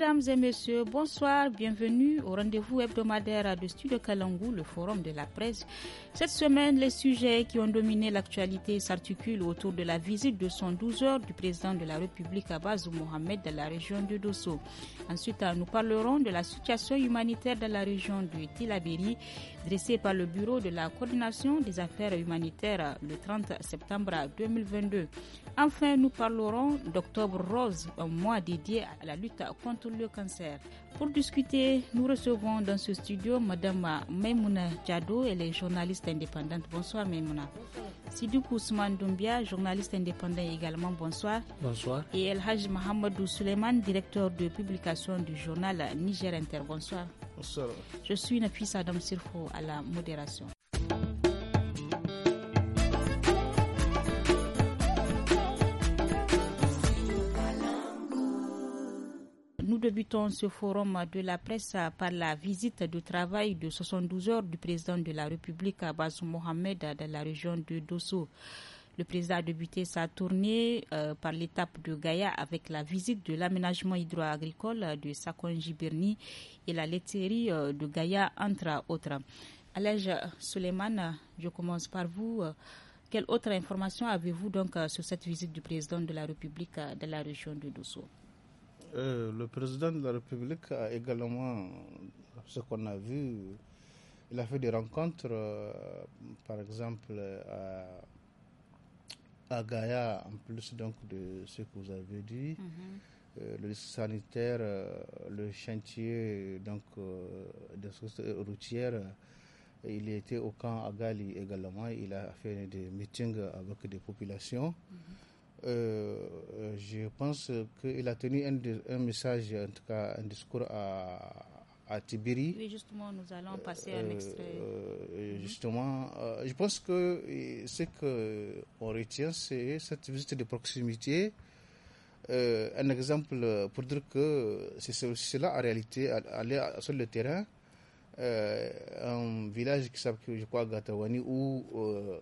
Mesdames et messieurs, bonsoir, bienvenue au rendez-vous hebdomadaire de Studio Kalangou, le forum de la presse. Cette semaine, les sujets qui ont dominé l'actualité s'articulent autour de la visite de 112 heures du président de la République Abazou Mohamed dans la région de Dosso. Ensuite, nous parlerons de la situation humanitaire dans la région de Tilaberi, dressée par le Bureau de la coordination des affaires humanitaires le 30 septembre 2022. Enfin, nous parlerons d'Octobre Rose, un mois dédié à la lutte contre le cancer. Pour discuter, nous recevons dans ce studio Madame Maimouna Diado, elle est journaliste indépendante. Bonsoir Maimouna. Sidou Ousmane Doumbia, journaliste indépendant également, bonsoir. Bonsoir. Et El Haj Mohamedou Suleiman, directeur de publication du journal Niger Inter. Bonsoir. Bonsoir. Je suis Nafisa Adam Sirko à la modération. nous débutons ce forum de la presse par la visite de travail de 72 heures du président de la République, Abbas Mohamed, dans la région de Dosso. Le président a débuté sa tournée euh, par l'étape de Gaïa avec la visite de l'aménagement hydroagricole de Sakonji-Birni et la laiterie euh, de Gaïa, entre autres. Alège Suleiman, je commence par vous. Quelle autre information avez-vous donc euh, sur cette visite du président de la République de la région de Dosso euh, le président de la République a également, ce qu'on a vu, il a fait des rencontres, euh, par exemple, à, Gaïa, en plus donc de ce que vous avez dit. Mm-hmm. Euh, le sanitaire, le chantier donc des routières, il était au camp à Gali également. Il a fait des meetings avec des populations. Mm-hmm. Euh, euh, je pense qu'il a tenu un, message, en tout cas un discours à, à justement, nous allons euh, passer un extrait. Mhm. justement, je pense que ce qu'on retient, c'est cette visite de proximité. un exemple pour dire que c'est cela en réalité, aller sur le terrain, un village qui s'appelle, je crois, Gatawani, où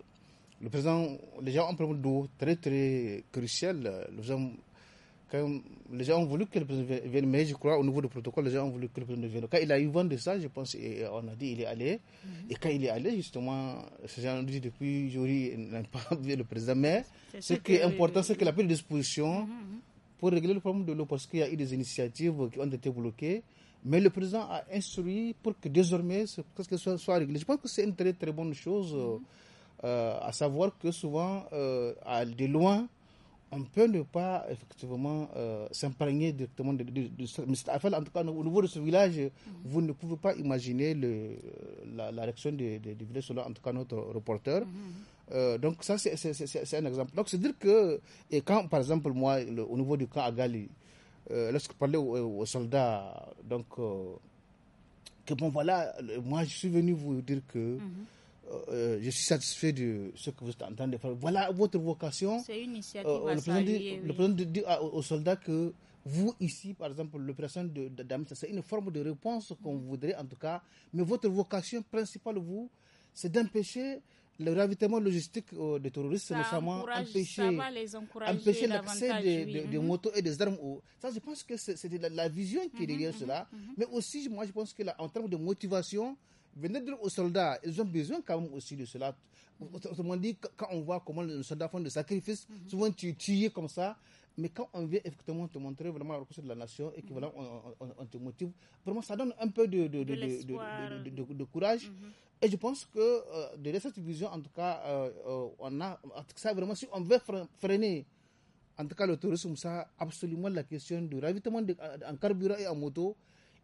le président, les gens ont problème d'eau très très crucial. Les gens, quand les gens ont voulu que le président vienne, mais je crois au niveau du protocole, les gens ont voulu que le président vienne. Quand il a eu vent de ça, je pense, on a dit il est allé. Mhm. Et quand il est allé, justement, ces gens ont dit depuis Jory n'a pas vu le président. Mais ce qui est important, c'est qu'il a pris des dispositions mhm, mhm. pour régler le problème de l'eau parce qu'il y a eu des initiatives qui ont été bloquées. Mais le président a instruit pour que désormais ce, que ce soit, soit réglé. Je pense que c'est une très très bonne chose. Euh, à savoir que souvent, euh, à, de loin, on peut ne pas effectivement euh, s'imprégner directement de, de, de, En tout cas, au niveau de ce village, vous ne pouvez pas imaginer le, la, réaction des village selon en tout cas notre reporter. Euh, donc ça, c'est un exemple. Donc c'est dire que, et quand par exemple moi, au niveau du camp à lorsque je parlais aux, soldats, donc que bon voilà, moi je suis venu vous dire que... Mhm. Euh, euh, je suis satisfait de ce que vous êtes en train de faire. Voilà votre vocation. C'est une initiative euh, le président, dit, le président aux soldats que vous, ici, par exemple, l'opération d'Amsa, c'est une forme de réponse qu'on mm. voudrait, en tout cas. Mais votre vocation principale, vous, c'est d'empêcher le ravitaillement logistique des terroristes, notamment empêcher, empêcher l'accès des, des, des mm-hmm. motos et des armes. Ça, je pense que c'est la, vision qui est mm-hmm, derrière cela. Mm-hmm, Mais aussi, moi, je pense que en termes de motivation, venez dire aux soldats, ils ont besoin quand même aussi de cela. Autrement dit, quand on voit comment les soldats font des sacrifices, mhm. souvent tu tué comme ça, mais quand on vient effectivement te montrer vraiment la reconnaissance de la nation et que mhm. on, te motive, vraiment ça donne un peu de, de, de, courage. Mhm. Et je pense que euh, de cette vision, en tout cas, euh, euh, on a, ça vraiment, si on veut freiner en tout cas le tourisme, ça, absolument la question du ravitaillement en carburant et en moto,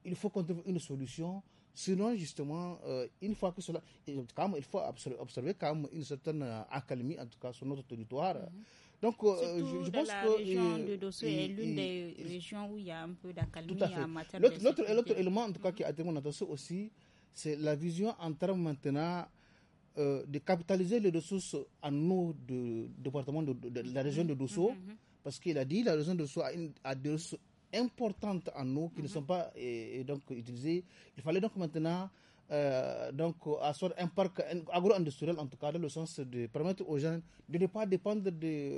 il faut qu'on trouve une solution Sinon, justement, euh, une fois que cela. il faut observer, quand même une certaine euh, accalmie, en tout cas, sur notre territoire. Mhm. Donc, euh, je, pense que. La région de Dosso est l'une des régions où il y a un peu d'accalmie en matière de. L'autre élément, en tout cas, qui mhm. a été mon attention aussi, c'est la vision en termes maintenant. de capitaliser les ressources en eau du département de, la région de mhm. Dosso, parce qu'il a dit la région de Dosso a, une, a des ressources importantes en nous qui ne sont pas et, euh, euh, donc utilisées. Il fallait donc maintenant euh, donc asseoir un parc agro-industriel en tout cas dans le sens de permettre aux jeunes de ne pas dépendre de,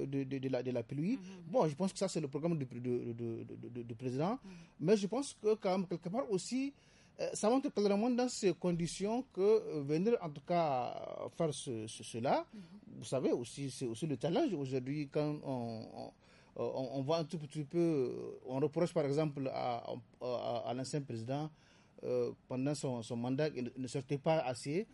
de, de, de la, pluie. Mhm. Bon, je pense que ça c'est le programme du, président, de mhm. président mais je pense que quand même quelque part aussi euh, ça montre clairement dans ces conditions que venir en tout cas faire cela, mhm. vous savez aussi c'est aussi le challenge aujourd'hui quand on euh, on, voit un tout petit peu, euh, on reproche par exemple à, l'ancien président euh, pendant son, mandat, qu'il ne sortait pas assez.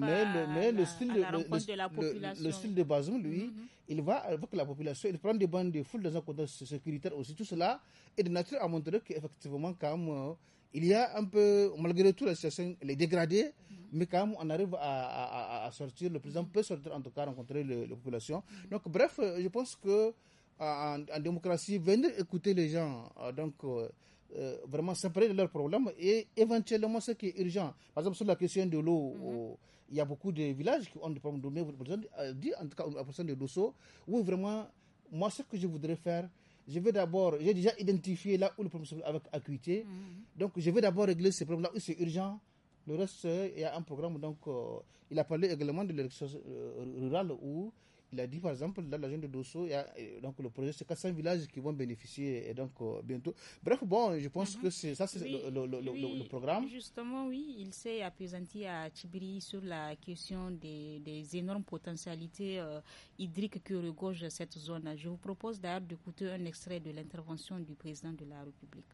mais le, style de, le, style de Bazoum, lui, mm-hmm. il va avec la population, il prend des bandes de foule dans un contexte sécuritaire aussi. Tout cela est de nature à montrer qu'effectivement, quand il y a un peu, malgré tout, la situation, est dégradée, mm-hmm. mais quand même, on arrive à, sortir, le président peut sortir, en tout cas, rencontrer la population mm-hmm. Donc, bref, je pense que en, démocratie, venir écouter les gens, euh, donc euh, euh, vraiment s'emparer de leurs problèmes et éventuellement ce qui est urgent. Par exemple, sur la question de l'eau, mhm. il y a beaucoup de villages qui ont des problèmes d'eau, mais en tout cas la personne de l'eau, oui vraiment, moi, ce que je voudrais faire, je vais d'abord, j'ai déjà identifié là où le problème se trouve avec acuité, mhm. donc je vais d'abord régler ces problèmes là où c'est urgent. Le reste, il y a un programme, donc il a parlé également de l'élection rurale où il a dit, par exemple, dans la région de Dosso, euh, donc, le projet, c'est 400 villages qui vont bénéficier et donc, euh, bientôt. Bref, bon, je pense mhm. que ça, c'est le, programme. Justement, oui, il s'est appesanti à Tibiri sur la question des, énormes potentialités euh, hydriques que regorge cette zone. Je vous propose d'ailleurs d'écouter un extrait de l'intervention du président de la République.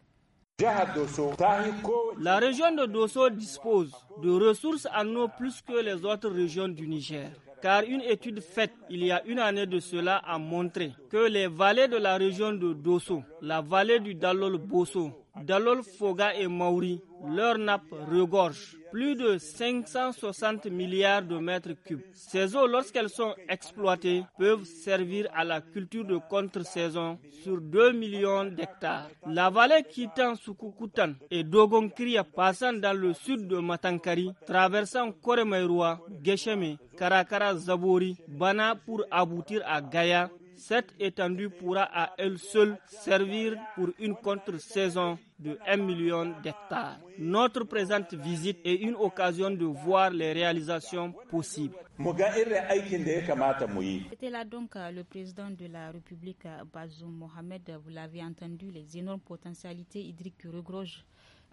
La région de Dosso dispose de ressources en eau plus que les autres régions du Niger car une étude faite il y a une année de cela a montré que les vallées de la région de Dosso, la vallée du Dalol Bosso, Dalol Foga et Mauri leur nappe regorge plus de 560 milliards de mètres cubes. Ces eaux, lorsqu'elles sont exploitées, peuvent servir à la culture de contre-saison sur 2 millions d'hectares. La vallée quittant Sukukutan et Dogonkria passant dans le sud de Matankari, traversant Koremairua, Gesheme, Karakara, Zabori, Bana pour aboutir à Gaya. Cette étendue pourra à elle seule servir pour une contre-saison de 1 million d'hectares. Notre présente visite est une occasion de voir les réalisations possibles. C'était là donc euh, le président de la République, euh, Bazoum Mohamed. Vous l'avez entendu, les énormes potentialités hydriques que regroge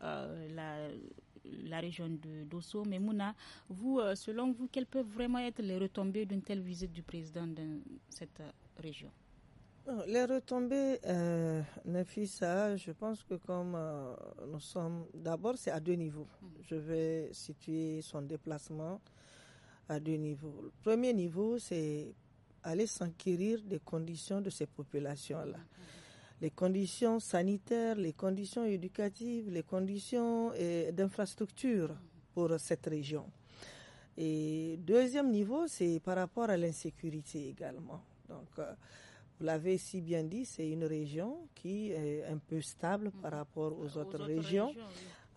euh, la, région de Dosso. Mais Mouna, vous, selon vous, quelles peuvent vraiment être les retombées d'une telle visite du président de cette région les retombées, euh, ça je pense que comme euh, nous sommes, d'abord c'est à deux niveaux. Mm-hmm. Je vais situer son déplacement à deux niveaux. Le premier niveau, c'est aller s'enquérir des conditions de ces populations-là. Mm-hmm. Les conditions sanitaires, les conditions éducatives, les conditions euh, d'infrastructure mm-hmm. pour cette région. Et deuxième niveau, c'est par rapport à l'insécurité également. Donc, euh, vous l'avez si bien dit, c'est une région qui est un peu stable mhm. par rapport aux, autres, régions.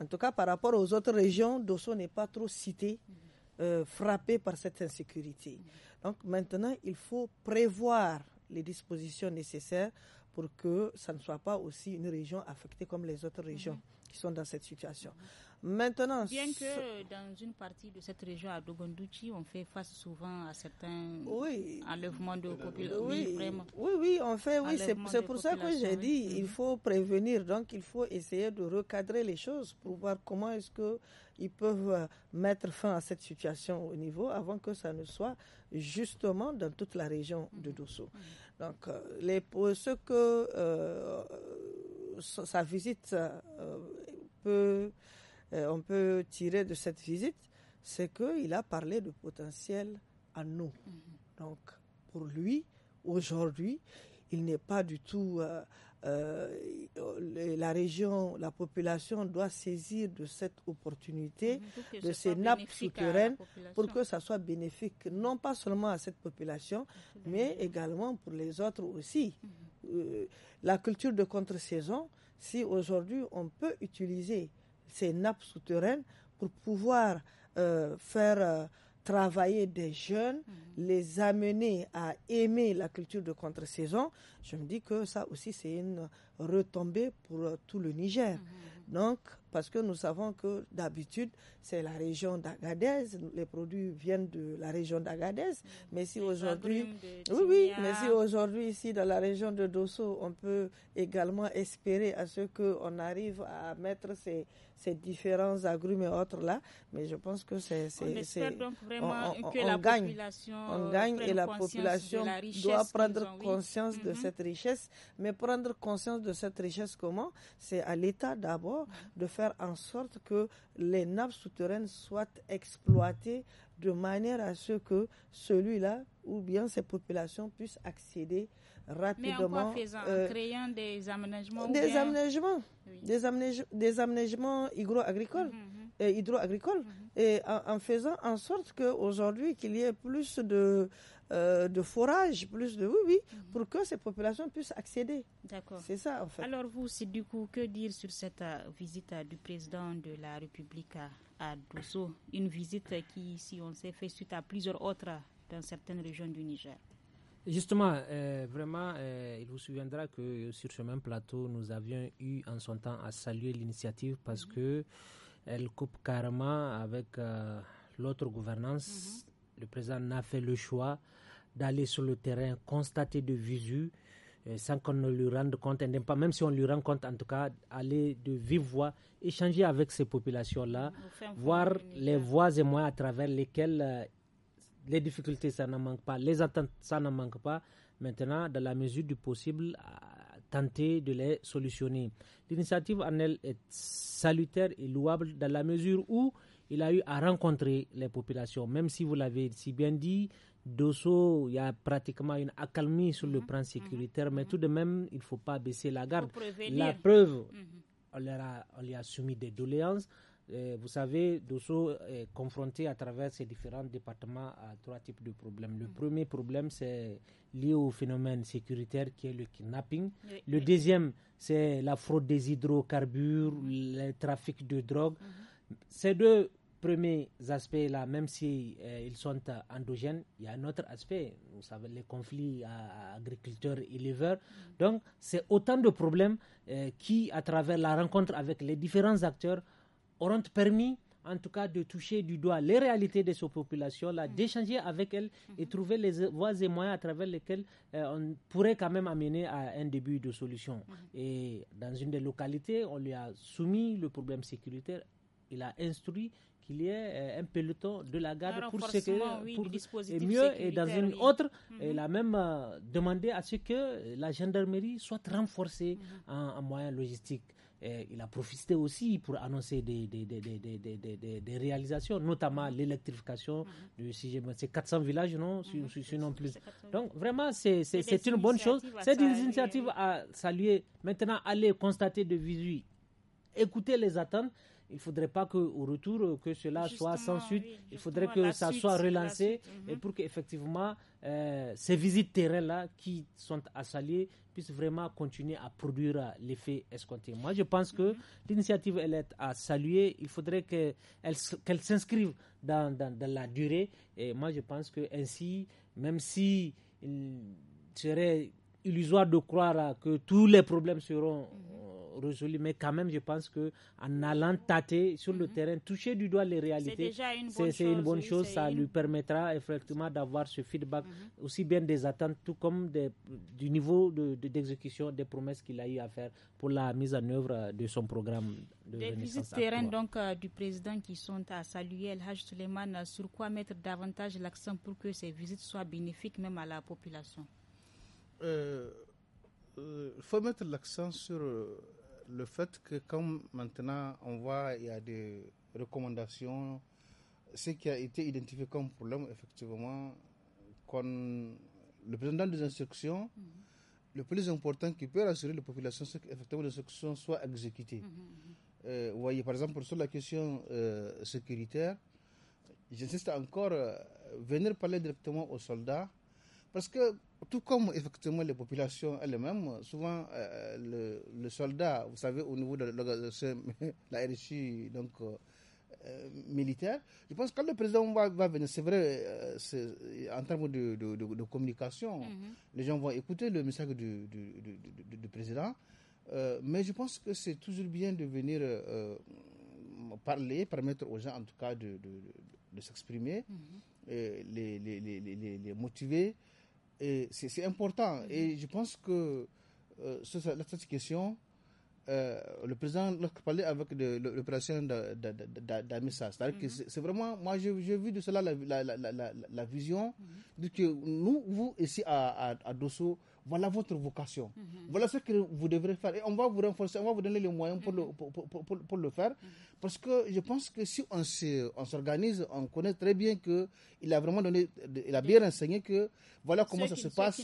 En tout cas, par rapport aux autres régions, Dosso n'est pas trop cité. Mhm. Euh, frappé par cette insécurité. Mhm. Donc maintenant, il faut prévoir les dispositions nécessaires pour que ça ne soit pas aussi une région affectée comme les autres régions qui sont dans cette situation. Maintenant. Bien que dans une partie de cette région à Dogondouchi, on fait face souvent à certains enlèvements de populations. Oui, oui, oui, on fait, oui. C'est pour ça que j'ai dit, il mhm. faut prévenir. Donc, il faut essayer de recadrer les choses pour voir comment est-ce que ils peuvent euh, mettre fin à cette situation au niveau avant que ça ne soit justement dans toute la région de mhm. Dosso. Mhm. Donc, euh, les, pour ce que euh, sa visite peut euh, on peut tirer de cette visite, c'est qu'il a parlé de potentiel à nous. Mm-hmm. Donc, pour lui, aujourd'hui, il n'est pas du tout. Euh, euh, la région, la population doit saisir de cette opportunité, mm-hmm. de ces nappes souterraines, pour que ça soit bénéfique, non pas seulement à cette population, mais également pour les autres aussi. Mm-hmm. la culture de contre-saison, si aujourd'hui on peut utiliser ces nappes souterraines pour pouvoir euh, faire euh, travailler des jeunes, mhm. les amener à aimer la culture de contre-saison, je me dis que ça aussi c'est une retombée pour euh, tout le Niger. Mhm. Donc parce que nous savons que d'habitude, c'est la région d'Agadez, les produits viennent de la région d'Agadez, mais si aujourd'hui, oui, oui, mais si aujourd'hui ici dans la région de Dosso, on peut également espérer à ce qu'on arrive à mettre ces, ces différents agrumes et autres là, mais je pense que c'est, c'est, donc vraiment on, la gagne, on gagne euh, et la population doit prendre conscience de mhm. cette richesse, mais prendre conscience de cette richesse comment? C'est à l'État d'abord de faire en sorte que les nappes souterraines soient exploitées de manière à ce que celui-là ou bien ces populations puissent accéder rapidement. Mais en quoi faisant En euh, créant des aménagements Des aménagements, des, aménagements hydro-agricoles. Mhm, mhm. Et euh, mhm. et en, en, faisant en sorte qu'aujourd'hui, qu'il y ait plus de, euh, de forage, plus de... Oui, oui, mhm. pour que ces populations puissent accéder. D'accord. C'est ça, en fait. Alors vous, c'est du coup, que dire sur cette euh, visite euh, du président de la République à, à Une visite qui, si on s'est fait suite à plusieurs autres dans certaines régions du Niger. Justement, vraiment, il vous souviendra que sur ce même plateau, nous avions eu en son temps à saluer l'initiative parce mhm. que elle coupe carrément avec l'autre gouvernance. Mhm. Le président n'a fait le choix d'aller sur le terrain, constater de visu, euh, sans qu'on ne lui rende compte, même si on lui rend compte, en tout cas, aller de vive voix, échanger avec ces populations-là, voir les voies et moyens à travers lesquels euh, les difficultés, ça n'en manque pas, les attentes, ça n'en manque pas. Maintenant, dans la mesure du possible, tenter de les solutionner. L'initiative en elle est salutaire et louable dans la mesure où il a eu à rencontrer les populations, même si vous l'avez si bien dit, Dosso, il y a pratiquement une accalmie sur le mhm. plan mhm. sécuritaire, mais mhm. tout de même, il ne faut pas baisser la garde. La preuve, on, a, lui a soumis des doléances. Euh, vous savez, Dosso est confronté à travers ses différents départements à trois types de problèmes. Le premier problème, c'est lié au phénomène sécuritaire qui est le kidnapping. Le deuxième, c'est la fraude des hydrocarbures, le trafic de drogue. Ces deux premiers aspects-là, même s'ils si, euh, ils sont euh, endogènes, il y a un autre aspect, vous savez, les conflits euh, agriculteurs-éleveurs. Mm. Donc, c'est autant de problèmes qui, à travers la rencontre avec les différents acteurs, auront permis en tout cas de toucher du doigt les réalités de ces populations-là, mm. d'échanger avec elles et mm-hmm. trouver les voies et moyens à travers lesquels on pourrait quand même amener à un début de solution. Mm-hmm. Et dans une des localités, on lui a soumis le problème sécuritaire. Il a instruit qu'il y ait euh, un peloton de la garde pour ce et mieux et dans une autre il mhm. a et la même euh, demandé à ce que la gendarmerie soit renforcée mhm. en, moyen moyens logistiques. il a profité aussi pour annoncer des, des, réalisations, notamment mhm. l'électrification du de ces 400 villages, non, mm -hmm. plus. Donc vraiment, c'est une bonne chose. C'est une initiative à saluer. Maintenant, allez constater de visu, écouter les attentes. Il ne faudrait pas qu'au retour, euh, que cela soit sans suite. il faudrait que ça soit relancé mhm. et pour qu'effectivement, euh, ces visites terrain-là qui sont à saluer puissent vraiment continuer à produire euh, l'effet escompté. Moi, je pense que mhm. l'initiative, elle est à saluer. Il faudrait qu'elle s'inscrive dans, dans, la durée. Et moi, je pense que ainsi, même si il serait illusoire de croire que tous les problèmes seront mhm résolu, mais quand même, je pense que en allant tâter sur le mhm. terrain, toucher du doigt les réalités, c'est une, une bonne chose. ça lui permettra effectivement d'avoir ce feedback, mhm. aussi bien des attentes, tout comme du niveau d'exécution de, d'exécution des promesses qu'il a eu à faire pour la mise en œuvre de son programme. De des visites terrain donc euh, du président qui sont à saluer, El Hajj Suleiman, euh, sur quoi mettre davantage l'accent pour que ces visites soient bénéfiques même à la population il euh, faut mettre l'accent sur le fait que comme maintenant on voit il y a des recommandations, ce qui a été identifié comme problème effectivement, le président des instructions, mhm. le plus important qui peut rassurer la population, c'est qu'effectivement les instructions soient exécutées. Mhm, mhm. Euh, vous voyez par exemple sur la question euh, sécuritaire, j'insiste encore, euh, venir parler directement aux soldats, parce que tout comme effectivement les populations elles-mêmes, souvent euh, le, soldat, vous savez, au niveau de la RSI, donc euh, euh, militaire, je pense que quand le président va, venir, c'est vrai, en termes de, communication, mhm. les gens vont écouter le message du, président, mais je pense que c'est toujours bien de venir parler, permettre aux gens en tout cas de, s'exprimer, mhm. les, les motiver c'est important. Mm-hmm. Et je pense que euh, sur cette question, euh, le président, lorsqu'il parlait avec le, président d'Amissa, c'est-à-dire que mm-hmm. c'est vraiment, moi j'ai vu de cela la, vision, mm-hmm. de que nous, vous, ici à, à, à Dosso, voilà votre vocation. Mhm. Voilà ce que vous devrez faire. Et on va vous renforcer, on va vous donner les moyens pour, le, pour, pour, pour, le faire. Mhm. Parce que je pense que si on s'organise, on, on, connaît très bien qu'il a vraiment donné, il a bien renseigné que voilà comment ça se passe.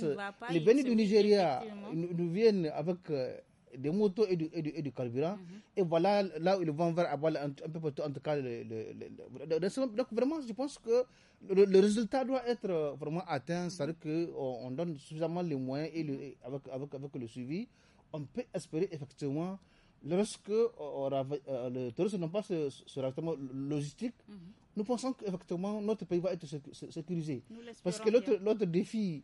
les bénis du Nigeria nous viennent avec euh, des motos et du, et carburant. Mhm. Et voilà là où ils vont avoir un, peu partout, en tout cas. Le, donc vraiment, je pense que le, résultat doit être euh, vraiment atteint, mhm. c'est-à-dire qu'on euh, on donne suffisamment les moyens et avec, avec, avec, le suivi, on peut espérer effectivement, lorsque euh, le terrorisme n'a pas ce, ce logistique, mhm. nous pensons qu'effectivement notre pays va être sécurisé. Parce que l'autre défi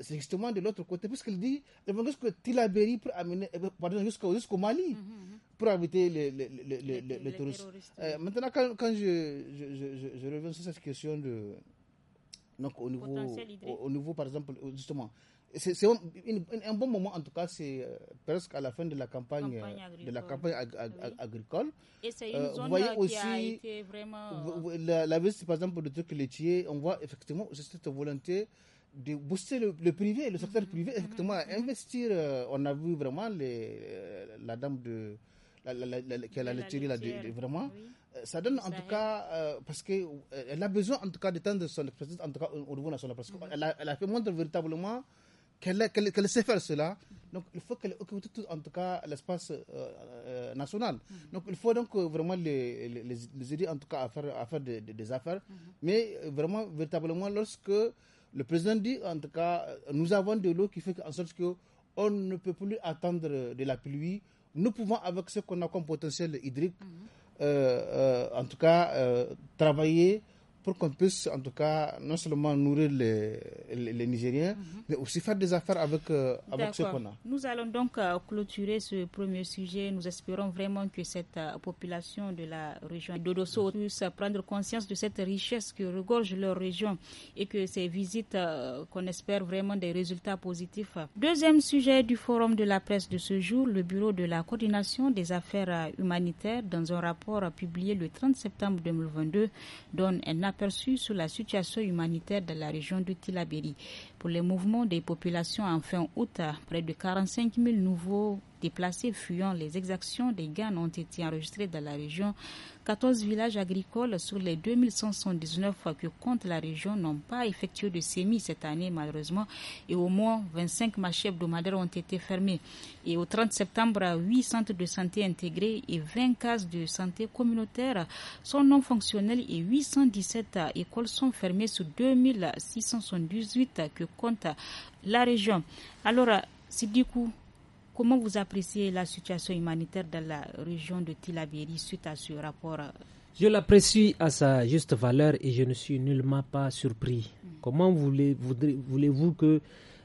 c'est justement de l'autre côté, puisqu'il dit, ils vont pour amener, eh, pardon, jusqu'au Mali, mhm, mhm. pour habiter les, les, les, les, touristes. Euh, maintenant, quand, quand je, je, je, je, reviens sur cette question de, donc au niveau, au, niveau, par exemple, euh, justement, c'est un bon moment en tout cas, c'est euh, presque à la fin de la campagne, de la campagne agricole. Et c'est vous voyez aussi, vraiment... La, la, par exemple, de trucs laitiers, on voit effectivement cette volonté de booster le, privé, le secteur mm-hmm. privé, effectivement, mm-hmm. investir. Euh, on a vu vraiment les, euh, la dame de. La, qui a la, laiterie, vraiment. Euh, ça donne en tout cas, parce qu'elle elle a besoin en tout cas d'étendre son expertise, en tout cas au niveau national, parce mm-hmm. qu'elle a, fait montre véritablement qu'elle sait faire cela. Donc il faut qu'elle occupe tout, en tout cas l'espace national. Donc il faut donc vraiment les, aider en tout cas à faire, à faire des, affaires. Mais vraiment, véritablement, lorsque le président dit, en tout cas, euh, nous avons de l'eau qui fait en sorte qu'on ne peut plus attendre de la pluie. Nous pouvons, avec ce qu'on a comme potentiel hydrique, mhm. euh, euh, en tout cas, travailler pour qu'on puisse en tout cas non seulement nourrir les, les, Nigériens, mhm. mais aussi faire des affaires avec, euh, avec ce qu'on a. Nous allons donc euh, clôturer ce premier sujet. Nous espérons vraiment que cette euh, population de la région d'Odosso mhm. puisse prendre conscience de cette richesse que regorge leur région et que ces visites, qu'on espère vraiment des résultats positifs. Deuxième sujet du forum de la presse de ce jour, le bureau de la coordination des affaires humanitaires, dans un rapport publié le 30 septembre 2022, donne un aperçu sur la situation humanitaire de la région du Tilaberi. Pour les mouvements des populations en fin août, près de 45 000 nouveaux déplacés fuyant les exactions des gangs ont été enregistrés dans la région. 14 villages agricoles sur les 2179 que compte la région n'ont pas effectué de semis cette année malheureusement et au moins 25 marchés hebdomadaires ont été fermés. Et au 30 septembre, 8 centres de santé intégrés et 20 cases de santé communautaire sont non fonctionnels. et 817 écoles sont fermées sur 2678 que compte la région. Alors, coup euh, comment vous appréciez la situation humanitaire dans la région de Tilabéry suite à ce rapport euh? Je l'apprécie à sa juste valeur et je ne suis nullement pas surpris. Mm. Comment voulez-vous voulez que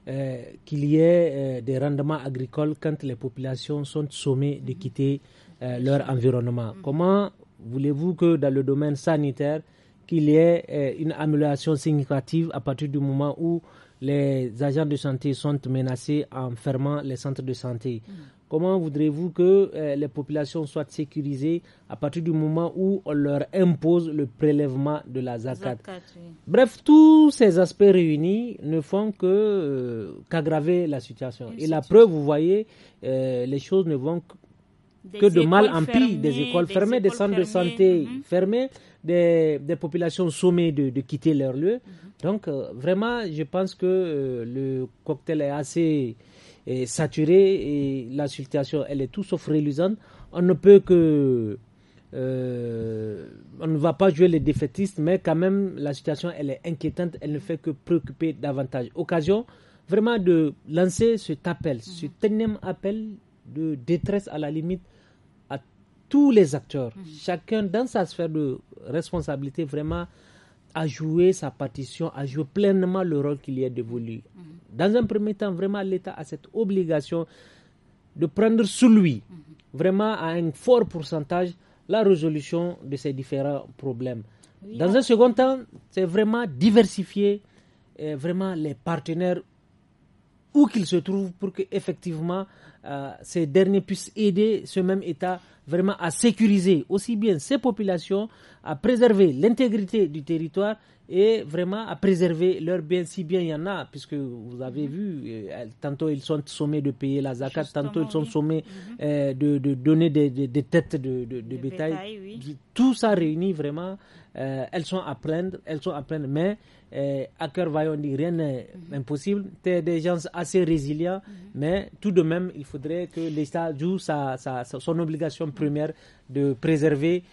euh, qu'il y ait des rendements agricoles quand les populations sont sommées de mm. quitter leur environnement. Mm. Comment voulez-vous que dans le domaine sanitaire, qu'il y ait une amélioration significative à partir du moment où les agents de santé sont menacés en fermant les centres de santé. Hmm. Comment voudrez-vous que euh, les populations soient sécurisées à partir du moment où on leur impose le prélèvement de la zakat, Bref, tous ces aspects réunis ne font que euh, qu'aggraver la situation. Et, la preuve, vous voyez, euh, les choses ne vont que de mal en pis, des écoles fermées, des, centres de santé mhm. fermés, des, populations sommées de, quitter leur lieu. Mhm. Donc, euh, vraiment, je pense que euh, le cocktail est assez euh, saturé et la situation, elle est tout sauf réluisante. On ne peut que. on ne va pas jouer les défaitistes, mais quand même, la situation, elle est inquiétante. Elle ne fait que préoccuper davantage. Occasion vraiment de lancer cet appel, mhm. ce énième appel de détresse à la limite à tous les acteurs, mhm. chacun dans sa sphère de responsabilité vraiment à jouer sa partition, à jouer pleinement le rôle qu'il y est dévolu. Mhm. Dans un premier temps, vraiment, l'État a cette obligation de prendre sous lui, mhm. vraiment à un fort pourcentage, la résolution de ces différents problèmes. Dans un second temps, c'est vraiment diversifier euh, vraiment les partenaires où qu'ils se trouvent pour que effectivement euh, ces derniers puissent aider ce même État vraiment à sécuriser aussi bien ses populations, à préserver l'intégrité du territoire et vraiment à préserver leurs biens, si bien il y en a, puisque vous avez mhm. vu, euh, tantôt ils sont sommés de payer la zakat, tantôt ils sont sommés mhm. euh, de, donner des, têtes de, bétail. Tout ça réunit vraiment, elles sont à prendre, elles sont à prendre, mais eh, à cœur rien n'est mhm. impossible. Tu des gens assez résilients, mhm. mais tout de même, il faudrait que l'État joue sa, son obligation première de préserver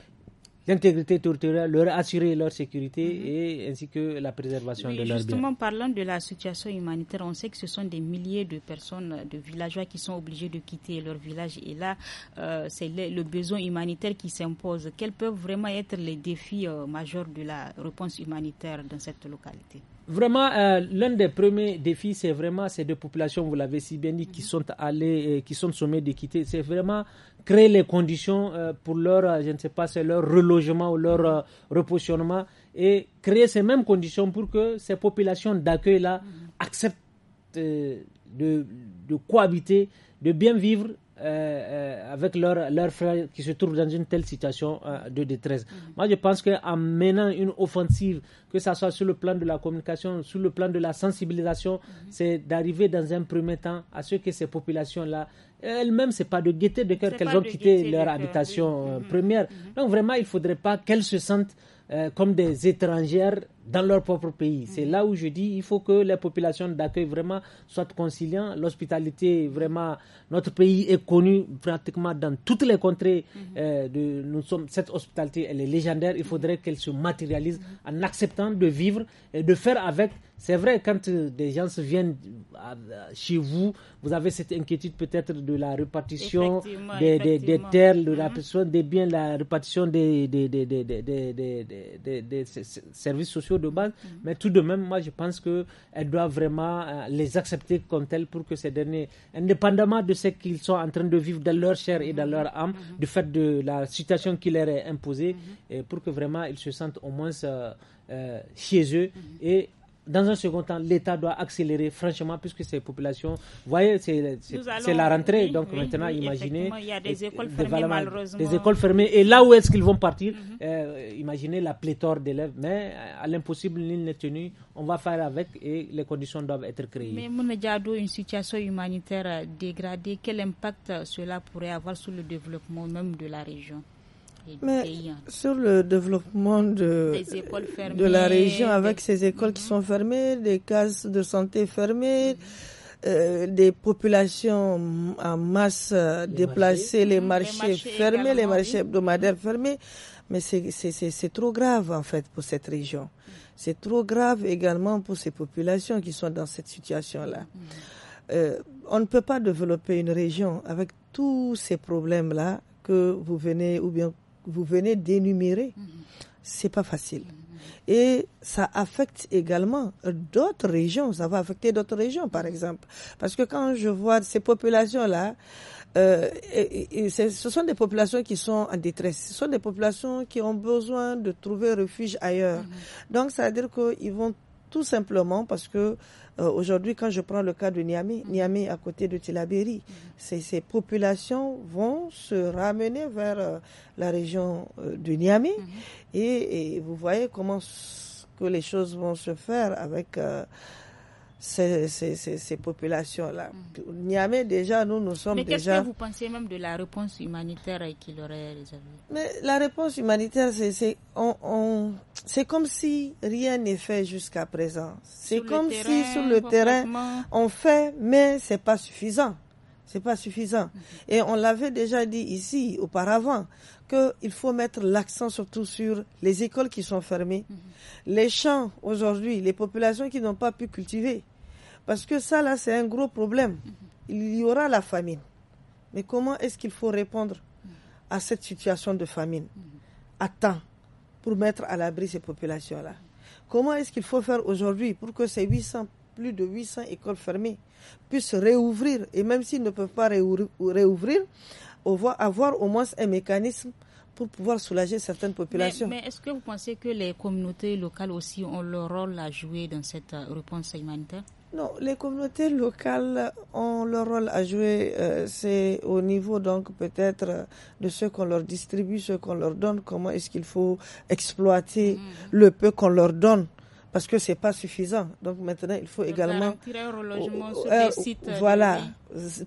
l'intégrité territoriale, leur assurer leur sécurité mhm. et ainsi que la préservation de leurs biens. Justement, parlant de la situation humanitaire, on sait que ce sont des milliers de personnes, de villageois qui sont obligés de quitter leur village et là, euh, c'est le, besoin humanitaire qui s'impose. Quels peuvent vraiment être les défis euh, majeurs de la réponse humanitaire dans cette localité Vraiment, euh, l'un des premiers défis, c'est vraiment ces deux populations, vous l'avez si bien dit, qui mhm. sont allées, qui sont sommées de quitter. C'est vraiment créer les conditions euh, pour leur, euh, je ne sais pas, c'est leur relogement ou leur euh, repositionnement et créer ces mêmes conditions pour que ces populations d'accueil-là acceptent de, de cohabiter, de bien vivre euh, euh, avec leurs frères qui se trouvent dans une telle situation euh, de détresse. Mm. Moi, je pense qu'en menant une offensive, que ce soit sur le plan de la communication, sur le plan de la sensibilisation, mm. c'est d'arriver dans un premier temps à ce que ces populations-là, elles-mêmes, c'est pas de guetter de cœur qu'elles ont quitté leur habitation première. Mm. Donc, vraiment, il faudrait pas qu'elles se sentent comme des étrangères dans leur propre pays. C'est là où je dis il faut que les populations d'accueil vraiment soient conciliantes. L'hospitalité, vraiment, notre pays est connu pratiquement dans toutes les contrées. Mhm. Euh, de, nous sommes, cette hospitalité, elle est légendaire. Il faudrait qu'elle se matérialise en acceptant de vivre et de faire avec. C'est vrai, quand euh, des gens viennent euh, chez vous, vous avez cette inquiétude peut-être de la répartition des, Des, terres, de la mhm. personne des biens, la répartition des services sociaux de base. Mhm. Mais tout de même, moi, je pense qu'elle doit vraiment euh, les accepter comme telles pour que ces derniers, indépendamment de ce qu'ils sont en train de vivre dans leur chair et dans leur âme, mhm. du fait de la situation qui leur est imposée, mhm. et pour que vraiment ils se sentent au moins euh, euh, chez eux et dans un second temps, l'État doit accélérer, franchement, puisque ces populations, vous voyez, c'est la rentrée. donc maintenant, imaginez. Il y a des écoles fermées, malheureusement. Des écoles fermées. Et là où est-ce qu'ils vont partir mhm. euh, Imaginez la pléthore d'élèves. Mais euh, à l'impossible, l'île n'est tenue. On va faire avec et les conditions doivent être créées. Mais Mounediado, une situation humanitaire dégradée, quel impact cela pourrait avoir sur le développement même de la région mais hein. sur le développement de, de la région avec ces écoles qui sont mhm. fermées, des cases de santé fermées, euh, des populations en masse euh, déplacées, Les, mhm. marchés fermés, les marchés hebdomadaires fermés. Mais c'est trop grave en fait pour cette région. C'est trop grave également pour ces populations qui sont dans cette situation-là. Mhm. Euh, on ne peut pas développer une région avec tous ces problèmes-là que vous venez ou bien vous venez d'énumérer, c'est pas facile. Et ça affecte également d'autres régions. Ça va affecter d'autres régions, par exemple. Parce que quand je vois ces populations-là, euh, ce sont des populations qui sont en détresse. Ce sont des populations qui ont besoin de trouver refuge ailleurs. Mhm. Donc, ça veut dire qu'ils vont tout simplement parce que euh, aujourd'hui, quand je prends le cas de Niamey, mm-hmm. Niamey à côté de Tilaberi, mm-hmm. ces, ces, populations vont se ramener vers euh, la région euh, de Niamey mm-hmm. et, et, vous voyez comment que les choses vont se faire avec ces, ces, ces, populations-là. Mm-hmm. Niamey, déjà, nous, nous sommes déjà... Mais qu'est-ce que vous pensez même de la réponse humanitaire qui aurait réservée Mais la réponse humanitaire, c'est on, on, comme si rien n'est fait jusqu'à présent. C'est comme si sur le terrain, on fait, mais c'est pas suffisant. C'est pas suffisant. Mm-hmm. Et on l'avait déjà dit ici, auparavant, qu'il faut mettre l'accent surtout sur les écoles qui sont fermées, mm-hmm. les champs aujourd'hui, les populations qui n'ont pas pu cultiver. Parce que ça, là, c'est un gros problème. Mhm. Il y aura la famine. Mais comment est-ce qu'il faut répondre à cette situation de famine mhm. à temps pour mettre à l'abri ces populations-là Comment est-ce qu'il faut faire aujourd'hui pour que ces 800, plus de 800 écoles fermées puissent réouvrir Et même s'ils ne peuvent pas réouvrir, avoir au moins un mécanisme pour pouvoir soulager certaines populations. Mais, mais est-ce que vous pensez que les communautés locales aussi ont leur rôle à jouer dans cette euh, réponse humanitaire non, les communautés locales ont leur rôle à jouer. Euh, c'est au niveau donc peut-être de ce qu'on leur distribue, ce qu'on leur donne. Comment est-ce qu'il faut exploiter mm. le peu qu'on leur donne parce que c'est pas suffisant. Donc maintenant, il faut relogement également oh, euh, sites, voilà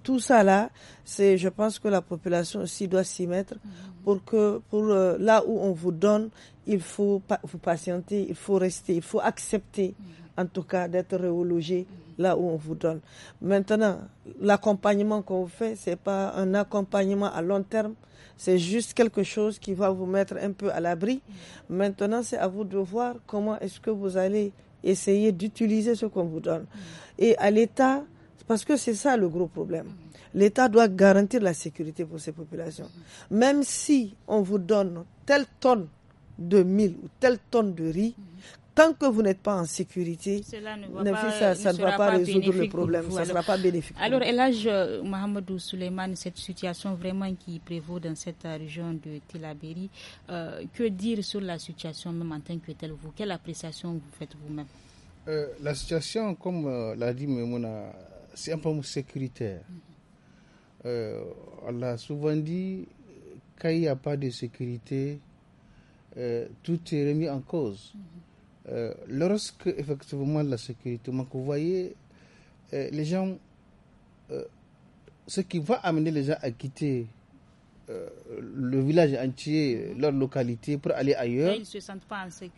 tout ça là, c'est je pense que la population aussi doit s'y mettre mm. pour que pour euh, là où on vous donne, il faut vous patienter, il faut rester, il faut accepter. Mm en tout cas d'être relogé là où on vous donne. Maintenant, l'accompagnement qu'on fait, c'est pas un accompagnement à long terme, c'est juste quelque chose qui va vous mettre un peu à l'abri. Maintenant, c'est à vous de voir comment est-ce que vous allez essayer d'utiliser ce qu'on vous donne. Et à l'État, parce que c'est ça le gros problème. L'État doit garantir la sécurité pour ces populations. Même si on vous donne telle tonne de mille ou telle tonne de riz, tant que vous n'êtes pas en sécurité, ça, ne, va pas, résoudre le problème, ça ne sera pas bénéfique. Alors, là, euh, Mohamedou Suleiman, cette situation vraiment qui prévaut dans cette euh, région de Telabéry, euh, que dire sur la situation même en tant que telle vous Quelle appréciation vous faites vous-même La situation, comme l'a dit Memouna, c'est un peu sécuritaire. Mm-hmm. on l'a souvent dit, quand il n'y a pas de sécurité, tout est remis en cause. Mm-hmm. Euh, lorsque effectivement la sécurité manque, vous voyez, euh, les gens, euh, ce qui va amener les gens à quitter le village entier, leur localité, pour aller ailleurs.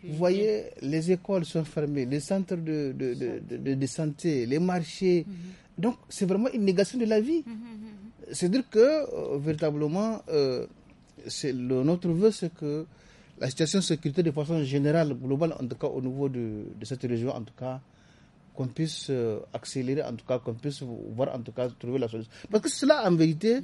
Vous voyez, les écoles sont fermées, les centres de, de, de, santé, les marchés. Mm-hmm. Donc, c'est vraiment une négation de la vie. Mm-hmm, mm-hmm. C'est-à-dire que, véritablement, c'est notre vœu, c'est que la situation de sécurité de façon générale, globale, en tout cas au niveau de, cette région, en tout cas, qu'on puisse euh, accélérer, en tout cas, qu'on puisse voir, en tout cas, trouver la solution. Parce que cela, en vérité,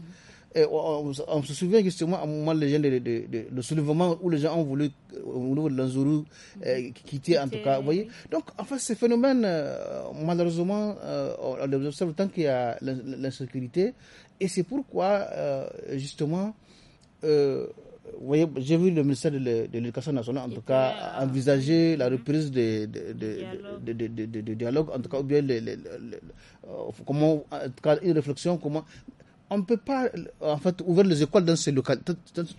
eh, on, se souvient justement à un moment, les gens, de le soulèvement où les gens ont voulu, euh, au niveau de l'Anzourou, mm-hmm. eh, quitter, en tout cas. Vous voyez Donc, en fait, ces phénomènes, euh, malheureusement, on les observe tant qu'il y a l'insécurité. Et c'est pourquoi, euh, justement, j'ai vu le ministère de l'Éducation nationale, en tout cas, euh, envisager la mm-hmm. reprise de, de, dialogue. en tout cas, ou bien euh, une réflexion, comment. On ne peut pas, euh, en fait, ouvrir les écoles dans ces locaux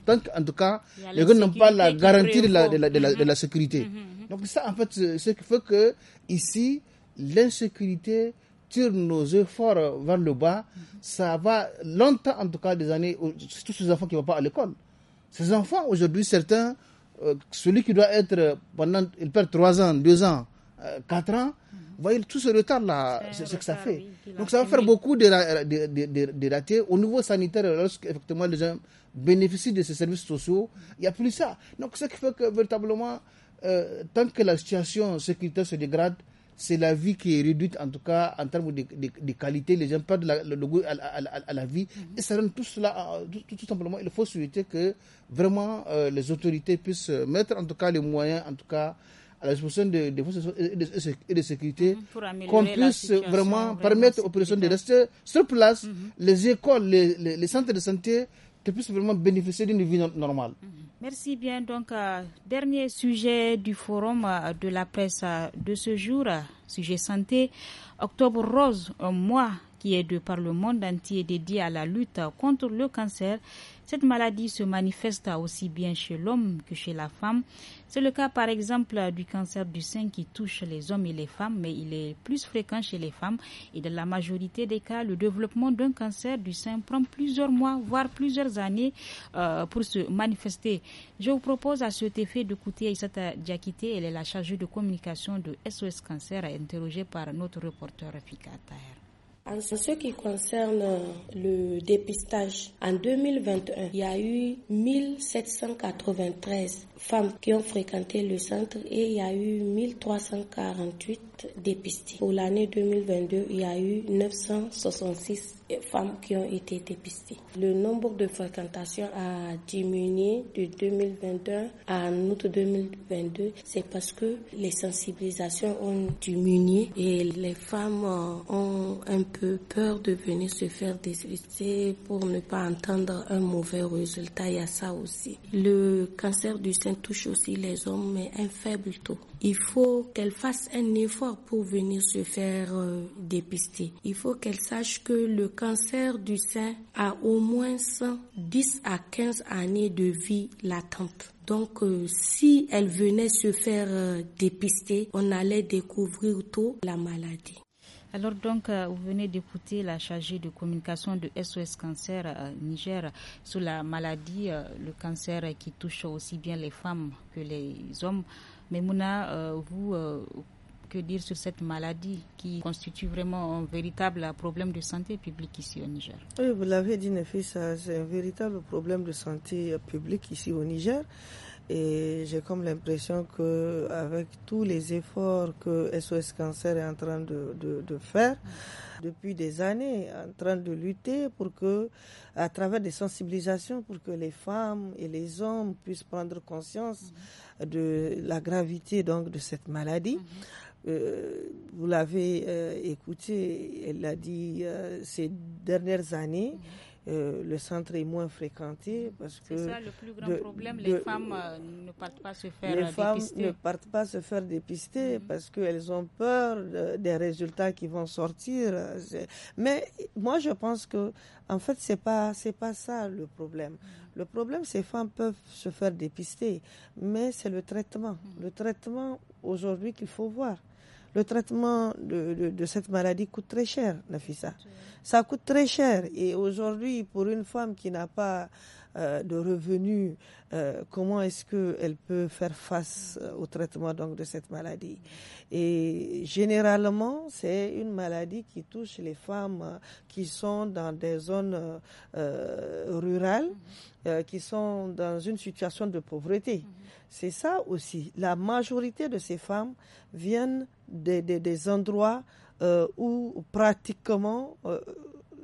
Tant qu'en tout cas, les gens n'ont pas la garantie de la, mm-hmm. sécurité. Mm-hmm. Donc, ça, en fait, ce qui fait que, ici, l'insécurité, tire nos efforts vers le bas, ça va longtemps, en tout cas, des années, tous ces enfants qui ne vont pas à l'école. Ces enfants, aujourd'hui, certains, euh, celui qui doit être pendant, il perd 3 ans, 2 ans, 4 euh, ans, mhm. voyez tout ce retard-là, c'est ce que ça fait. Donc ça va faire beaucoup de, de, ratés. Au niveau sanitaire, effectivement les gens bénéficient de ces services sociaux, il n'y a plus ça. Donc ce qui fait que véritablement, euh, tant que la situation sécuritaire se dégrade, c'est la vie qui est réduite, en tout cas en termes de, de, qualité. Les gens perdent la, le, goût à, la vie. Et ça donne tout cela, tout, simplement, il faut souhaiter que vraiment euh, les autorités puissent mettre en tout cas les moyens, en tout cas à la disposition des de forces et de, de, sécurité, mm-hmm. qu'on puisse vraiment permettre aux personnes de rester sur place. Mm-hmm. Les écoles, les, les centres de santé, qu'elles vraiment bénéficier d'une vie normale. Mm-hmm. Merci bien. Donc, euh, dernier sujet du forum euh, de la presse euh, de ce jour, sujet santé. Octobre rose, un mois qui est de par le monde entier dédié à la lutte contre le cancer cette maladie se manifeste aussi bien chez l'homme que chez la femme. C'est le cas par exemple du cancer du sein qui touche les hommes et les femmes, mais il est plus fréquent chez les femmes. Et dans la majorité des cas, le développement d'un cancer du sein prend plusieurs mois, voire plusieurs années euh, pour se manifester. Je vous propose à cet effet d'écouter Isata Diakité, elle est la chargée de communication de SOS Cancer, interrogée par notre reporter Fika en ce qui concerne le dépistage, en 2021, il y a eu 1793 femmes qui ont fréquenté le centre et il y a eu 1348 dépistées. Pour l'année 2022, il y a eu 966 femmes qui ont été dépistées. Le nombre de fréquentations a diminué de 2021 à août 2022. C'est parce que les sensibilisations ont diminué et les femmes euh, ont un peu peur de venir se faire dépister pour ne pas entendre un mauvais résultat. Il y a ça aussi. Le cancer du sein Touche aussi les hommes, mais un faible taux. Il faut qu'elle fasse un effort pour venir se faire euh, dépister. Il faut qu'elle sache que le cancer du sein a au moins 10 à 15 années de vie latente. Donc, euh, si elle venait se faire euh, dépister, on allait découvrir tôt la maladie. Alors donc, euh, vous venez d'écouter la chargée de communication de SOS Cancer euh, Niger sur la maladie, euh, le cancer qui touche aussi bien les femmes que les hommes. Mais Mouna, vous, que dire sur cette maladie qui constitue vraiment un véritable problème de santé publique ici au Niger Oui, vous l'avez dit, Nefissa, c'est un véritable problème de santé publique ici au Niger. Et j'ai comme l'impression que avec tous les efforts que SOS Cancer est en train de, faire depuis des années, en train de lutter pour que, à travers des sensibilisations, pour que les femmes et les hommes puissent prendre conscience de la gravité donc de cette maladie. Euh, vous l'avez euh, écouté, elle l'a dit euh, ces dernières années. Euh, le centre est moins fréquenté parce que. C'est ça le plus grand problème, les femmes euh, ne partent pas se faire dépister. Les femmes ne partent pas se faire dépister mhm. parce qu'elles ont peur des résultats qui vont sortir. Mais moi, je pense que, en fait, c'est pas, c'est pas ça le problème. Mhm. Le problème, ces femmes peuvent se faire dépister, mais c'est le traitement. Mhm. Le traitement aujourd'hui qu'il faut voir. Le traitement de, cette maladie coûte très cher, Nafisa. Ça coûte très cher. Et aujourd'hui, pour une femme qui n'a pas euh, de revenus, euh, comment est-ce qu'elle peut faire face euh, au traitement donc, de cette maladie. Et généralement, c'est une maladie qui touche les femmes hein, qui sont dans des zones rurales, qui sont dans une situation de pauvreté. C'est ça aussi. La majorité de ces femmes viennent des, endroits où pratiquement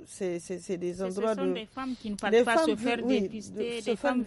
c'est des endroits ce sont de... des femmes qui ne peuvent pas se faire dépister, des femmes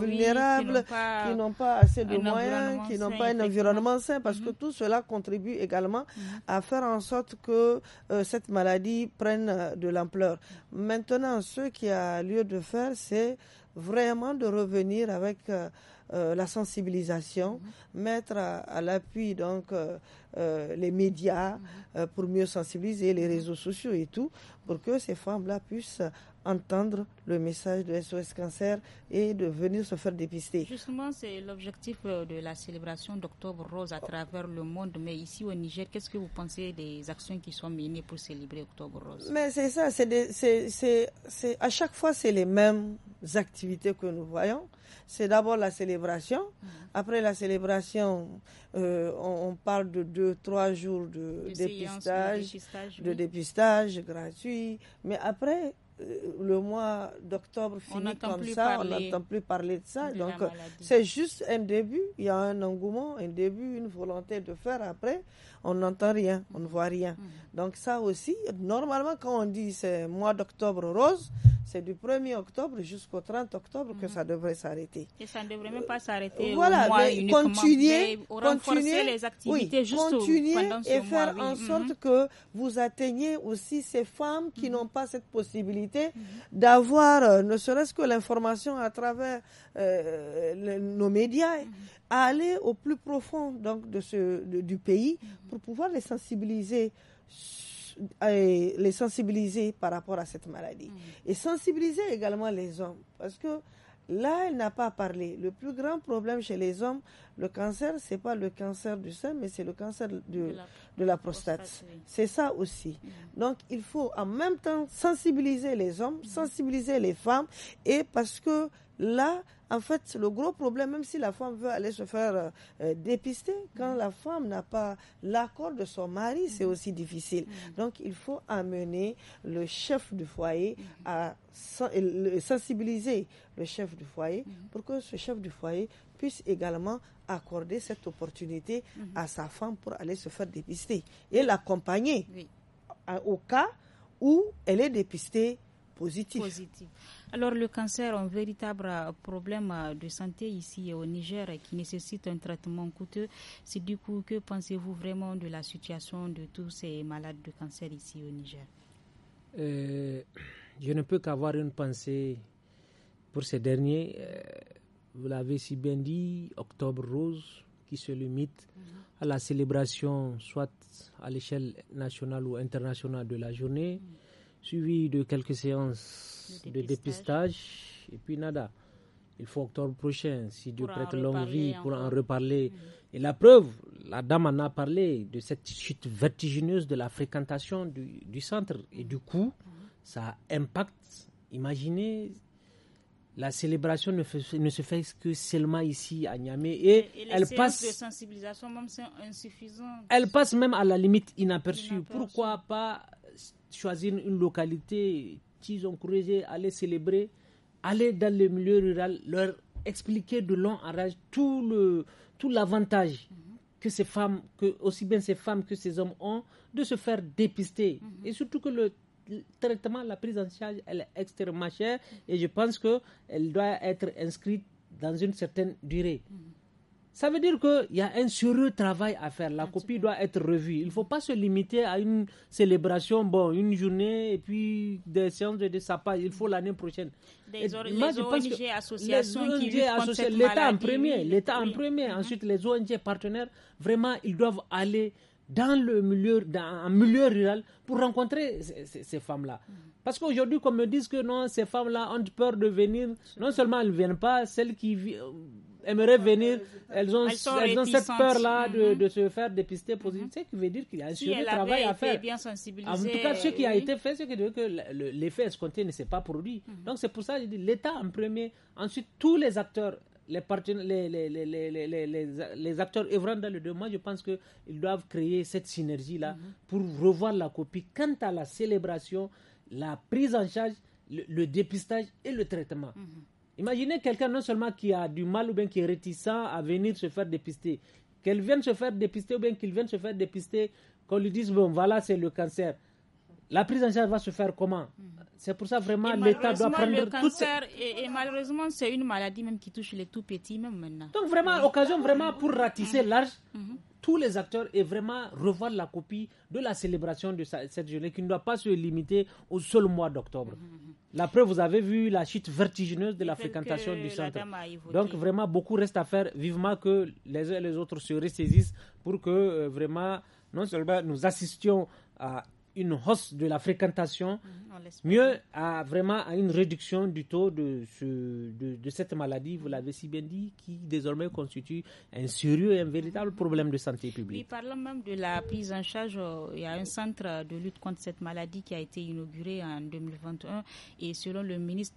vulnérables, qui n'ont pas, assez de moyens, qui n'ont pas un environnement sain, parce que mhm. tout cela contribue également mhm. à faire en sorte que euh, cette maladie prenne euh, de l'ampleur. Maintenant, ce qui a lieu de faire, c'est vraiment de revenir avec... Euh, euh, la sensibilisation, mhm. mettre à, l'appui donc euh, euh, les médias mhm. pour mieux sensibiliser les mhm. réseaux sociaux et tout, pour que ces femmes-là puissent entendre le message de SOS Cancer et de venir se faire dépister. Justement, c'est l'objectif euh, de la célébration d'Octobre Rose à travers le monde. Mais ici au Niger, qu'est-ce que vous pensez des actions qui sont menées pour célébrer Octobre Rose Mais c'est ça, c'est à chaque fois, c'est les mêmes activités que nous voyons. C'est d'abord la célébration. Mm-hmm. Après la célébration, euh, on, parle de deux, trois jours de, dépistage, de dépistage, gratuit. Mais après, euh, le mois d'octobre finit comme ça, on n'entend plus parler de ça. Donc, c'est juste un début. Il y a un engouement, un début, une volonté de faire. Après, on n'entend rien, on ne voit rien. Mm. Donc, ça aussi, normalement, quand on dit c'est mois d'octobre rose, c'est du 1er octobre jusqu'au 30 octobre que mhm. ça devrait s'arrêter. Et ça ne devrait même pas s'arrêter euh, voilà, au continuer, continuer les activités et faire en mhm. sorte que vous atteignez aussi ces femmes qui mhm. n'ont pas cette possibilité d'avoir, euh, ne serait-ce que l'information à travers euh, nos médias, aller au plus profond donc de ce du pays pour pouvoir les sensibiliser euh, les sensibiliser par rapport à cette maladie. Mm. Et sensibiliser également les hommes. Parce que là, elle n'a pas parlé. Le plus grand problème chez les hommes, le cancer, c'est pas le cancer du sein, mais c'est le cancer de, de, la, prostate. C'est ça aussi. Mm. Donc, il faut en même temps sensibiliser les hommes, sensibiliser les femmes, et parce que Là, en fait, le gros problème, même si la femme veut aller se faire euh, euh, dépister, quand la femme n'a pas l'accord de son mari, c'est mm-hmm. aussi difficile. Mm-hmm. Donc, il faut amener le chef du foyer à sensibiliser le chef du foyer mm-hmm. pour que ce chef du foyer puisse également accorder cette opportunité à sa femme pour aller se faire dépister et l'accompagner au cas où elle est dépistée positif. Alors le cancer, un véritable problème de santé ici au Niger qui nécessite un traitement coûteux. C'est du coup que pensez-vous vraiment de la situation de tous ces malades de cancer ici au Niger euh, Je ne peux qu'avoir une pensée pour ces derniers. Euh, vous l'avez si bien dit, Octobre Rose qui se limite à la célébration soit à l'échelle nationale ou internationale de la journée suivi de quelques séances de dépistage, et puis nada. Il faut octobre prochain, si Dieu prête longue vie, pour en reparler. Mm. Et la preuve, la dame en a parlé de cette chute vertigineuse de la fréquentation du, centre. Et du coup, ça impacte. Imaginez, la célébration ne, se fait que seulement ici à Niamey. Et, les elle passe. de sensibilisation même c'est Elle passe même à la limite inaperçue. Pourquoi pas choisir une localité qu'ils ont à aller célébrer, aller dans le milieu rural, leur expliquer de long en large tout le tout l'avantage mhm. que ces femmes, que aussi bien ces femmes que ces hommes ont, de se faire dépister. Mhm. Et surtout que le, traitement, la prise en charge, elle est extrêmement chère et je pense qu'elle doit être inscrite dans une certaine durée. Mhm. Ça veut dire qu'il y a un sérieux travail à faire. La copie doit être revue. Il ne faut pas se limiter à une célébration, bon, une journée et puis des séances de sapins. Il faut l'année prochaine. moi, les, ONG les ONG qui l'État en premier, l'État en premier. Mhm. Ensuite, les ONG partenaires, vraiment, ils doivent aller dans le milieu, dans un milieu rural pour rencontrer ces, femmes-là. Mhm. Parce qu'aujourd'hui, qu'on me dise que non, ces femmes-là ont peur de venir, non seulement elles ne viennent pas, celles qui aimeraient venir, elles ont, elles ont cette peur-là de, mm-hmm. de, se faire dépister positif. Ce qui veut dire qu'il y a un travail à faire. en tout cas, ce qui a été fait, c'est que, l'effet escompté ne s'est pas produit. Mm-hmm. Donc c'est pour ça que l'État en premier, ensuite tous les acteurs les, les, les, les, les, acteurs œuvrant dans le domaine, je pense qu'ils doivent créer cette synergie-là mm-hmm. pour revoir la copie quant à la célébration, la prise en charge, le, dépistage et le traitement. Imaginez quelqu'un non seulement qui a du mal ou bien qui est réticent à venir se faire dépister, qu'elle vienne se faire dépister ou bien qu'il vienne se faire dépister, qu'on lui dise, bon, voilà, c'est le cancer. La prise en charge va se faire comment mhm. C'est pour ça vraiment l'État doit prendre le cancer et, malheureusement, c'est une maladie même qui touche les tout petits même maintenant. Donc vraiment, occasion vraiment pour ratisser mhm. large, mhm tous les acteurs et vraiment revoir la copie de la célébration de cette journée qui ne doit pas se limiter au seul mois d'octobre. Mm-hmm, mm-hmm. La preuve, vous avez vu la chute vertigineuse de la fréquentation du centre. Donc vraiment, beaucoup reste à faire vivement que les uns et les autres se ressaisissent pour que euh, vraiment, non seulement nous assistions à une hausse de la fréquentation, mhm, mieux à vraiment à une réduction du taux de, ce, de, cette maladie, vous mhm. l'avez si bien dit, qui désormais constitue un sérieux et un véritable problème de santé publique. Et parlant même de la prise en charge, euh, il y a un centre de lutte contre cette maladie qui a été inauguré en 2021 et selon le ministre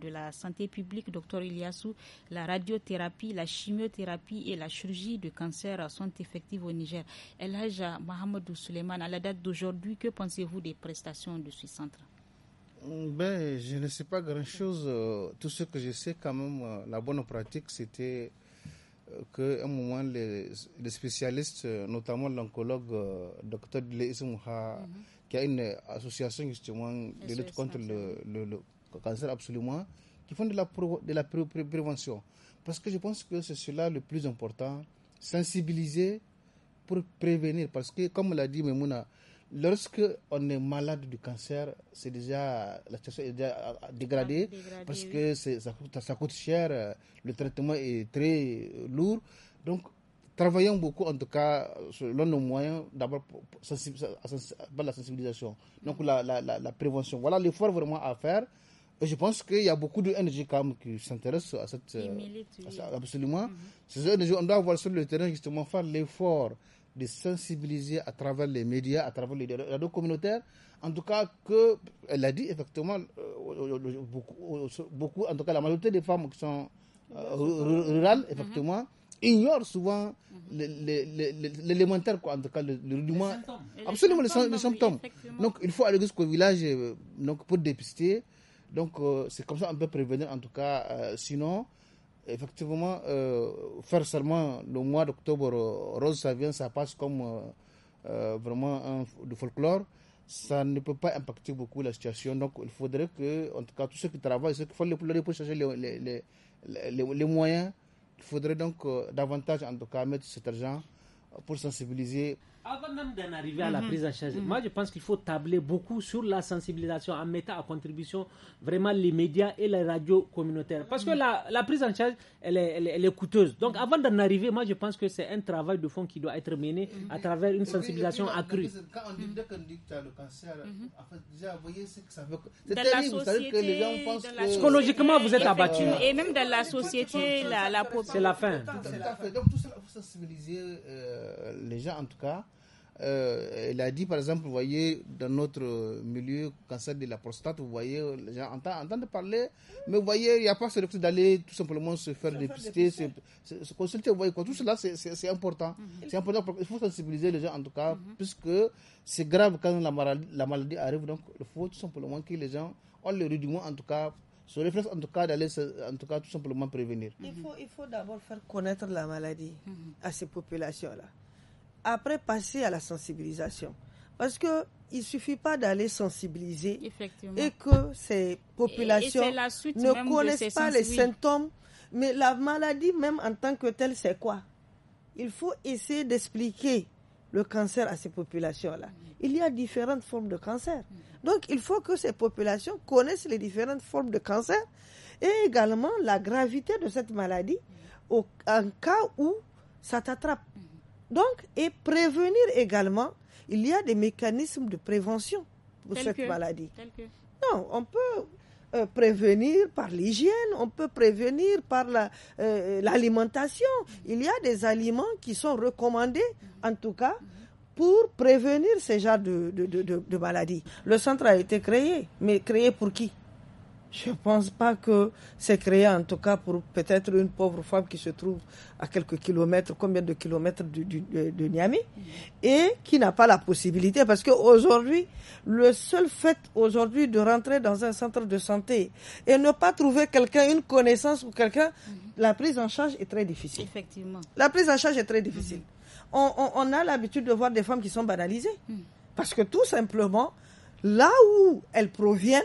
de, la Santé publique, docteur Iliassou, la radiothérapie, la chimiothérapie et la chirurgie de cancer sont effectives au Niger. El Haja Mohamedou Suleiman, à la date d'aujourd'hui, que pensez-vous des prestations de ce centre mm, ben, Je ne sais pas grand-chose. Euh, tout ce que je sais, quand même, euh, la bonne pratique, c'était euh, qu'à un moment, les, spécialistes, notamment l'oncologue docteur Dile Mouha, mhm. qui a une association justement de lutte contre le, cancer absolument, qui font de la, prévention. Parce que je pense que c'est cela le plus important, sensibiliser pour prévenir. Parce que, comme l'a dit Memouna, lorsque on est malade du cancer, c'est déjà la situation est déjà euh, euh, ah, dégradée, parce que ça coûte, ça coûte, cher, euh, le traitement est très lourd. Donc travaillons beaucoup en tout cas selon nos moyens, d'abord pour la sensibilisation, donc la, la, la, prévention. Voilà l'effort vraiment à faire. Et je pense qu'il y a beaucoup de NG qui s'intéressent à cette. absolument. Mhm. on doit voir sur le terrain justement faire l'effort de sensibiliser à travers les médias, à travers les radios communautaires, en tout cas que, elle a dit effectivement, euh, beaucoup, beaucoup, en tout cas la majorité des femmes qui sont euh, rurales, effectivement, mhm. ignorent souvent l'élémentaire, en tout cas le, le, absolument les, symptômes. donc il faut aller jusqu'au village euh, donc, pour dépister. Donc c'est comme ça on peut prévenir en tout cas, sinon effectivement, euh, faire seulement le mois d'octobre rose, ça vient, ça passe comme euh, euh, vraiment un, du folklore, ça ne peut pas impacter beaucoup la situation. Donc, il faudrait que, en tout cas, tous ceux qui travaillent, ceux qui font les pleurer pour chercher les, les, les, moyens, il faudrait donc davantage, en tout cas, mettre cet argent pour sensibiliser avant même d'en arriver à la mhm. prise en charge, mhm. moi je pense qu'il faut tabler beaucoup sur la sensibilisation en mettant à contribution vraiment les médias et les radios communautaires. Parce que mhm. la, prise en charge, elle est, coûteuse. Donc avant d'en arriver, moi je pense que c'est un travail de fond qui doit être mené à travers une sensibilisation accrue. Quand on dit que le cancer, déjà, vous voyez ce que ça veut. C'est terrible, vous que les gens pensent que... Psychologiquement, vous êtes abattu. Et même dans la société, la C'est la fin. Donc tout cela, il faut sensibiliser euh, les gens en tout cas. Euh, elle a dit, par exemple, vous voyez, dans notre milieu, cancer de la prostate, vous voyez, les gens entendent, de parler, mais vous voyez, il n'y a pas ce réflexe d'aller tout simplement se faire dépister, se, consulter. Vous voyez, tout cela, c'est important. C'est important, mhm. il faut sensibiliser les gens, en tout cas, mhm. puisque c'est grave quand la maladie, la maladie arrive. Donc, il faut tout simplement que les gens ont le rudiment, en tout cas, ce réflexe en tout cas d'aller en tout cas tout simplement prévenir. Il faut, il faut d'abord faire connaître la maladie mhm. à ces populations là après passer à la sensibilisation. Parce que il suffit pas d'aller sensibiliser et que ces populations ne connaissent pas les symptômes. Mais la maladie même en tant que telle, c'est quoi Il faut essayer d'expliquer le cancer à ces populations-là. Il y a différentes formes de cancer. Donc il faut que ces populations connaissent les différentes formes de cancer et également la gravité de cette maladie en cas où ça t'attrape. Donc, et prévenir également, il y a des mécanismes de prévention pour cette maladie. Non, on peut euh, prévenir par l'hygiène, on peut prévenir par euh, l'alimentation. La, il y a des aliments qui sont recommandés, en tout cas, pour prévenir ce genre de, de, de maladies. Le centre a été créé, mais créé pour qui je ne pense pas que c'est créé, en tout cas, pour peut-être une pauvre femme qui se trouve à quelques kilomètres, combien de kilomètres de, de, Niamey, et qui n'a pas la possibilité. Parce qu'aujourd'hui, le seul fait aujourd'hui de rentrer dans un centre de santé et ne pas trouver quelqu'un, une connaissance ou quelqu'un, mhm. la prise en charge est très difficile. Effectivement. La prise en charge est très difficile. Mhm. on a l'habitude de voir des femmes qui sont banalisées. Mhm. Parce que tout simplement, là où elles proviennent,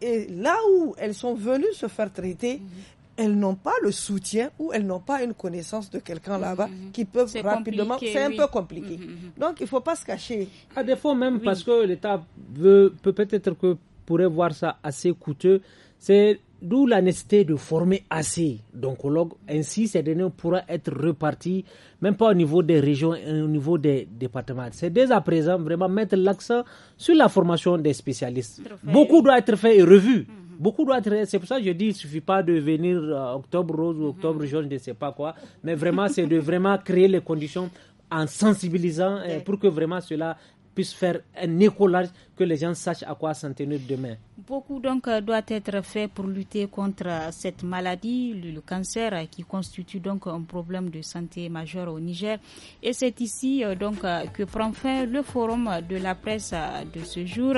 et là où elles sont venues se faire traiter, mhm. elles n'ont pas le soutien ou elles n'ont pas une connaissance de quelqu'un mhm. là-bas qui peuvent rapidement. C'est un peu compliqué. Mhm, Donc il ne faut pas se cacher. À défaut même parce que l'État veut peut-être que pourrait voir ça assez coûteux, c'est D'où la nécessité de former assez d'oncologues. Ainsi, ces données pourront être reparties, même pas au niveau des régions et au niveau des départements. C'est dès à présent vraiment mettre l'accent sur la formation des spécialistes. Beaucoup doit être fait et revu. Mhm. Beaucoup doit être. C'est pour ça que je dis, il suffit pas de venir euh, octobre rose ou mhm. octobre jaune, je ne sais pas quoi. Mais vraiment, c'est de vraiment créer les conditions en sensibilisant euh, pour que vraiment cela puisse faire un écolage, que les gens sachent à quoi s'en tenir demain. Beaucoup donc doit être fait pour lutter contre cette maladie, le cancer, qui constitue donc un problème de santé majeur au Niger. Et c'est ici euh, donc euh, que prend fin le forum de la presse euh, de ce jour.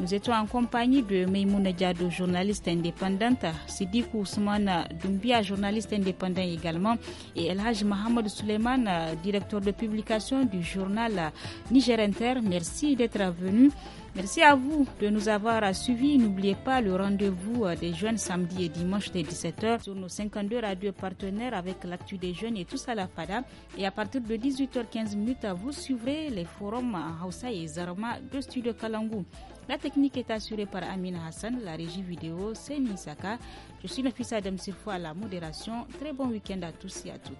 Nous étions en compagnie de Meimouna Diado, journaliste indépendante, Sidi Kousman Doumbia, journaliste indépendant également, et El Haj Mohamed Suleiman, directeur de publication du journal Niger Inter. Merci d'être venu. Merci à vous de nous avoir suivis. N'oubliez pas le rendez-vous euh, des jeunes samedi et dimanche dès 17h sur nos 52 radios partenaires avec l'actu des jeunes et tous à la FADA. Et à partir de 18h15, vous suivrez les forums à Hausa et Zarma de Studio Kalangu. La technique est assurée par Amina Hassan, la régie vidéo, c'est Nisaka. Je suis fils Adam Sirfo à la modération. Très bon week-end à tous et à toutes.